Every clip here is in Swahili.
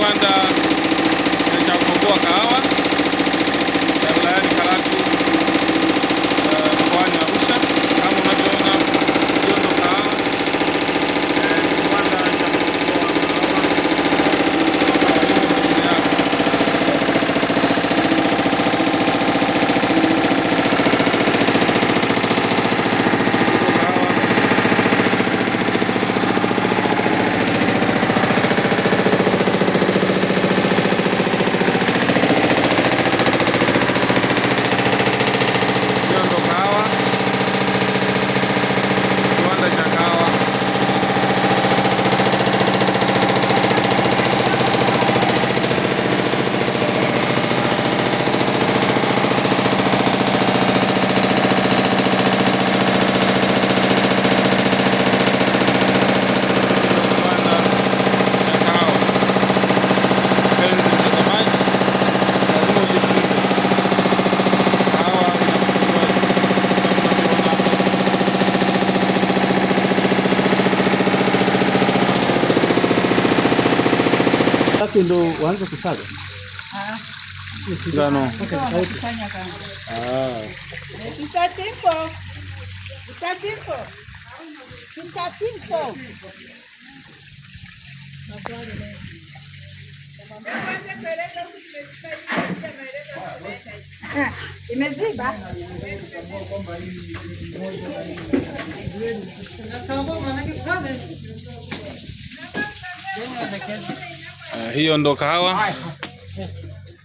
Rwanda algo pisado? Ah. não, não, não, não. Ah. Está cinco. Está cinco. Está cinco. não, não. Não, não, não. Não, não, não Uh, hiyo ndo kahawa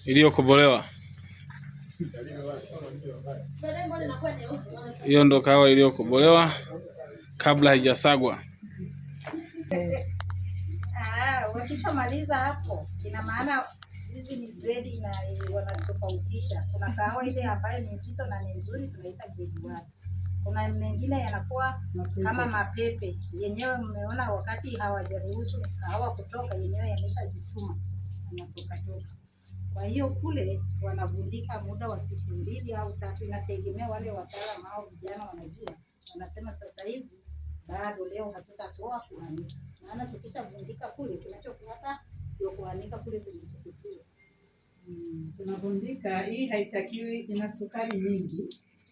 iliyokobolewa. Hiyo ndo kahawa iliyokobolewa kabla haijasagwa. Wakishamaliza ah, hapo, ina maana hizi ni na wanatofautisha. Kuna kahawa ile ambayo ni nzito na ni nzuri, tunaita grade one. Kuna mengine yanakuwa kama mapepe yenyewe, mmeona wakati hawajaruhusu hawa kutoka, yenyewe yameshajituma yanatokatoka. Kwa hiyo kule wanavundika muda wa siku mbili au tatu, inategemea wale wataalam au vijana wanajua, wanasema sasa hivi bado leo hatutatoa kuanika, maana tukishavundika kule kinachofuata ndio kuanika kule kwenye Hmm, tunavundika hii haitakiwi, ina sukari nyingi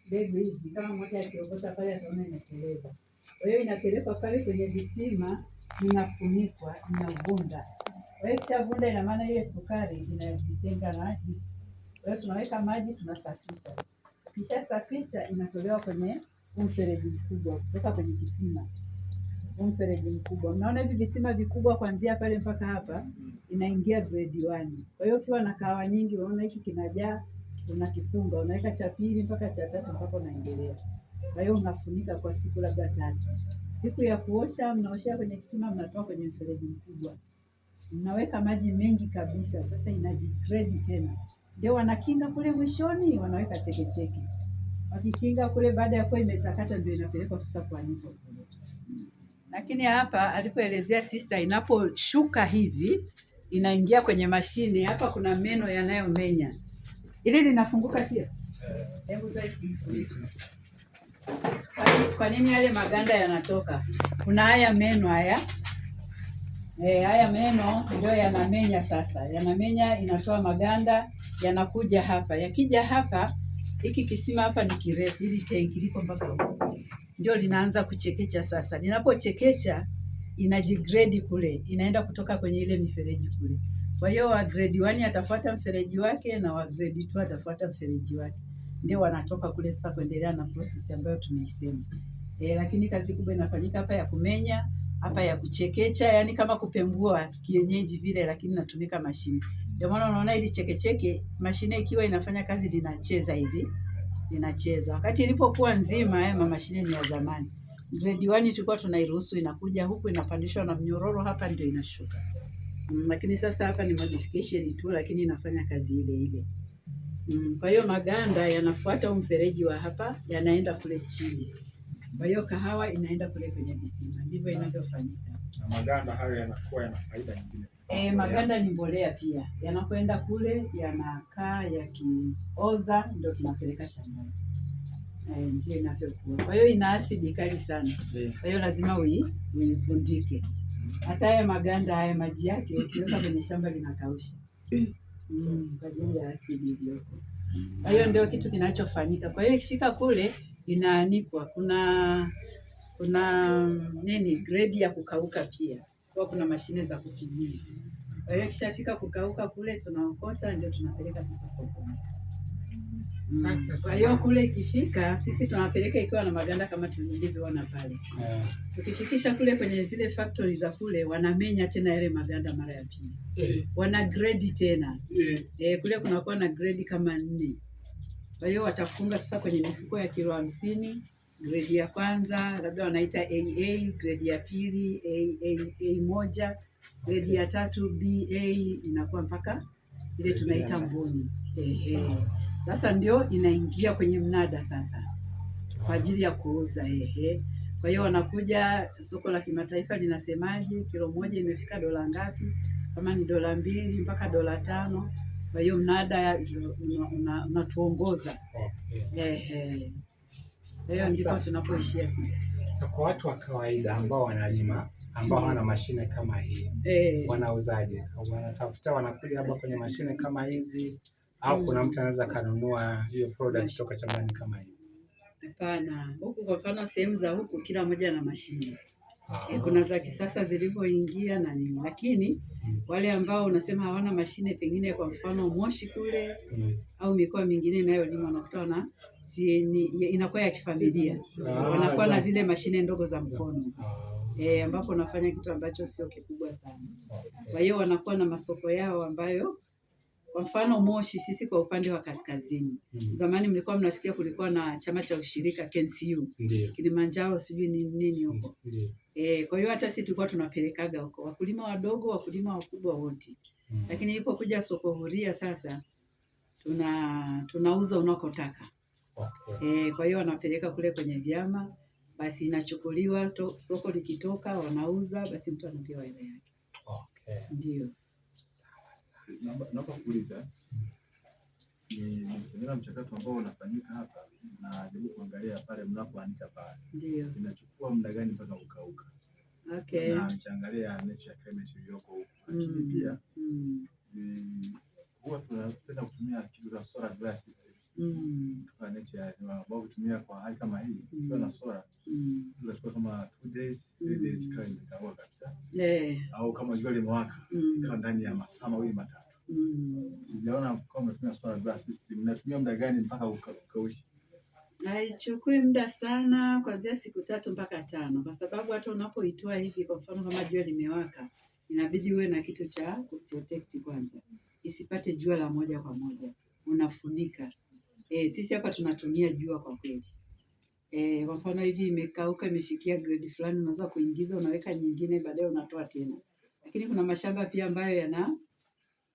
mbegu hizi, kama mmoja akiokota pale ataona inateleza. Kwa hiyo inapelekwa pale kwenye visima, inafunikwa, inavunda. Kwa hiyo ikishavunda, ina maana ile sukari inajitenga maji. Kwa hiyo tunaweka maji, tunasafisha, kishasafisha inatolewa kwenye mfereji mkubwa kutoka kwenye kisima mfereji mkubwa. Mnaona hivi visima vikubwa kuanzia pale mpaka hapa, inaingia grade 1. Kwa hiyo ukiwa na kahawa nyingi, unaona hiki kinajaa unakifunga, unaweka cha pili mpaka cha tatu mpaka unaendelea. Kwa hiyo unafunika kwa siku labda tatu. Siku ya kuosha, mnaoshea kwenye kisima, mnatoa kwenye mfereji mkubwa, mnaweka maji mengi kabisa. Sasa inajigredi tena, ndio wanakinga kule mwishoni, wanaweka chekecheke. Wakikinga kule, baada ya kuwa imetakata ndio inapelekwa sasa kwa nito. Lakini hapa alipoelezea sister, inaposhuka hivi inaingia kwenye mashine. Hapa kuna meno yanayomenya ili linafunguka sio? Hebu kwa nini yale maganda yanatoka? Kuna haya meno haya e, haya meno ndio yanamenya sasa, yanamenya inatoa maganda, yanakuja hapa. Yakija hapa, hiki kisima hapa ni kirefu, ili tenki liko mpaka huko, ndio linaanza kuchekecha sasa. Linapochekecha inajigredi kule, inaenda kutoka kwenye ile mifereji kule. Kwa hiyo wa grade 1 atafuata mfereji wake na wa grade 2 atafuata mfereji wake, ndio wanatoka kule sasa kuendelea na process ambayo tumeisema. E, lakini kazi kubwa inafanyika hapa ya kumenya hapa ya kuchekecha, yani kama kupembua kienyeji vile, lakini natumika mashine. Ndio maana unaona ili chekecheke, mashine ikiwa inafanya kazi linacheza hivi, linacheza. Wakati ilipokuwa nzima, eh, ma mashine ni ya zamani. Grade 1 tulikuwa tunairuhusu inakuja huku, inapandishwa na mnyororo hapa, ndio inashuka mm, lakini sasa hapa ni modification tu, lakini inafanya kazi ile ile mm. Kwa hiyo maganda yanafuata mfereji wa hapa, yanaenda kule chini, kwa hiyo kahawa inaenda kule kwenye visima, ndivyo inavyofanyika. Na maganda hayo yanakuwa yana faida nyingine E, maganda ni mbolea pia, yanakwenda kule, yanakaa yakioza, ndio tunapeleka shambani. E, ndio inavyokuwa. Kwa hiyo ina asidi kali sana, kwa hiyo lazima uivundike. Hata haya maganda haya maji yake ukiweka kwenye shamba linakausha eh. mm, kwa ajili ya asidi iliyoko. Kwa hiyo ndio kitu kinachofanyika. Kwa hiyo ikifika kule inaanikwa, kuna kuna nini grade ya kukauka pia, kwa kuna mashine za kupigia. Kwa hiyo kishafika kukauka kule, tunaokota ndio tunapeleka sasa sokoni. Kwa hiyo kule ikifika, sisi tunapeleka ikiwa na maganda kama tulivyoona pale. Yeah. Tukifikisha kule kwenye zile factory za kule, wanamenya tena yale maganda mara ya pili. Yeah. Wana grade tena. Yeah. E, eh, kule kunakuwa na grade kama nne. Kwa hiyo watafunga sasa kwenye mifuko ya kilo hamsini, grade ya kwanza labda wanaita AA, grade ya pili AA moja, grade ya tatu BA inakuwa mpaka ile tunaita mboni. Ehe. Sasa ndio inaingia kwenye mnada sasa kwa ajili ya kuuza ehe. Kwa hiyo wanakuja soko la kimataifa linasemaje, kilo moja imefika dola ngapi? Kama ni dola mbili mpaka dola tano. Kwa hiyo mnada unatuongoza ehe, hiyo ndipo tunapoishia sisi. Sasa kwa watu wa kawaida ambao wanalima ambao wana mashine kama hii, eh. wanauzaje? Wanatafuta, wanakuja hapa kwenye mashine kama hizi au kuna mm. mtu anaweza kununua hiyo product kutoka shambani kama hiyo? Hapana, huku kwa mfano sehemu za huku kila mmoja na mashine e, kuna za kisasa zilivyoingia na nini, lakini mm. wale ambao unasema hawana mashine, pengine kwa mfano Moshi kule mm. au mikoa mingine inayolima unakuta wana inakuwa ya kifamilia, ah, wanakuwa na zile mashine ndogo za mkono e, ambapo unafanya kitu ambacho sio kikubwa sana, kwa hiyo wanakuwa na masoko yao ambayo kwa mfano Moshi, sisi kwa upande wa kaskazini mm. Zamani mlikuwa mnasikia kulikuwa na chama cha ushirika KNCU Kilimanjaro, sijui ni nini huko e, kwa hiyo hata sisi tulikuwa tunapelekaga huko wakulima wadogo, wakulima wakubwa wote mm. Lakini ilipokuja soko huria sasa tuna tunauza unakotaka okay. E, kwa hiyo wanapeleka kule kwenye vyama, basi inachukuliwa to, soko likitoka wanauza, basi mtu anapewa ile yake okay. Ndio naomba kuuliza a mchakato ambao unafanyika hapa na jaribu kuangalia pale mnapoanika pale, inachukua muda gani mpaka ukauka? Okay. Na mtaangalia nature climate iliyoko huko, lakini mm. pia mm. ndani ya masaa mawili matatu. Mm. Sijaona kama mnatumia solar glass system. Mnatumia muda gani mpaka ukaushi? Haichukui muda sana, kuanzia siku tatu mpaka tano, kwa sababu hata unapoitoa hivi, kwa mfano kama jua limewaka, inabidi uwe na kitu cha kuprotect kwanza, isipate jua la moja kwa moja, unafunika. E, sisi hapa tunatumia jua kwa kweli. E, kwa mfano hivi imekauka, imefikia grade fulani, unaweza kuingiza, unaweka nyingine, baadaye unatoa tena. Lakini kuna mashamba pia ambayo yana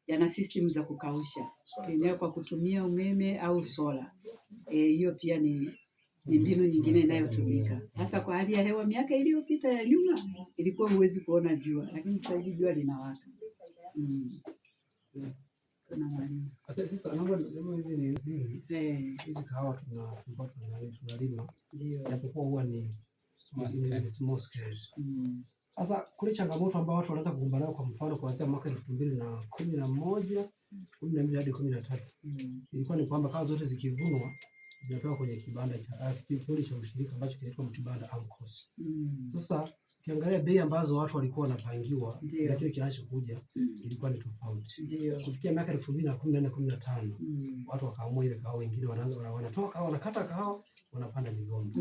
yana system za kukausha eneo kwa kutumia umeme au sola. E, hiyo pia ni ni mbinu nyingine inayotumika hasa kwa hali ya hewa. Miaka iliyopita ya nyuma ilikuwa huwezi kuona jua, lakini sasa hivi jua linawaka. Mm. Ndio. Sasa kule changamoto ambayo watu wanaanza kugombana kwa mfano kuanzia mwaka elfu mbili na kumi na moja kumi na mbili hadi kumi na tatu mm. ilikuwa ni kwamba kawa zote zikivunwa zinatoka kwenye kibanda cha eh, kikundi cha ushirika ambacho kinaitwa Mkibanda AMCOS. Mm. Sasa ukiangalia bei ambazo watu walikuwa wanapangiwa na kile kinachokuja mm. ilikuwa ni tofauti. Kufikia miaka elfu mbili na kumi na nne kumi na tano watu wakaamua ile kahawa, wengine wanaanza wanatoka wanakata kahawa wanapanda migomba.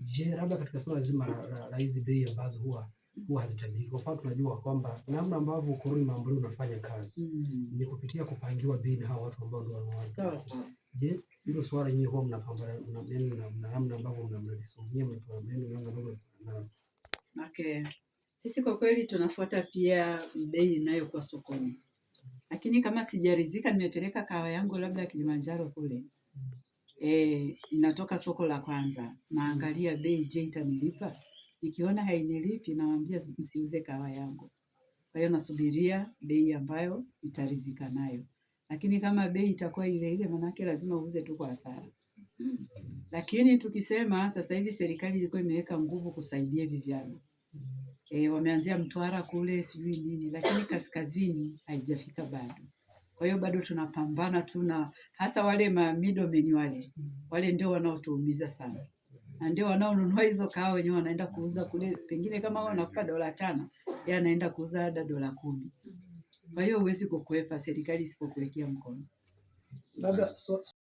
Je, labda katika swala zima la hizi bei ambazo huwa huwa hazitabiriki. Kwa mfano tunajua kwamba namna ambavyo ukoloni mambo leo unafanya kazi mm. ni kupitia kupangiwa bei na hawa watu ambao ndio wanawaza. Sawa sawa. Je, hilo swala nyinyi huwa mnapambana na na namna ambavyo mnamlisomea mtu Okay. Sisi kwa kweli tunafuata pia bei inayokuwa sokoni, lakini kama sijarizika nimepeleka kahawa yangu labda Kilimanjaro kule mm. e, inatoka soko la kwanza naangalia bei, je itanilipa Nikiona hainilipi nawaambia msiuze kahawa yangu. Kwa hiyo nasubiria bei ambayo itaridhika nayo, lakini kama bei itakuwa ile ile, manake lazima uuze tu kwa hasara. Lakini tukisema sasa hivi serikali ilikuwa imeweka nguvu kusaidia vijana e, wameanzia Mtwara kule sijui nini, lakini kaskazini haijafika bado. Kwa hiyo bado tunapambana, tuna hasa wale ma middlemen wale wale ndio wanaotuumiza sana na ndio wanaonunua hizo kahawa wenyewe wanaenda kuuza kule, pengine kama wanakupa dola tano yeye anaenda kuuza hata dola kumi. Kwa hiyo huwezi kukwepa serikali isipokuwekea mkono.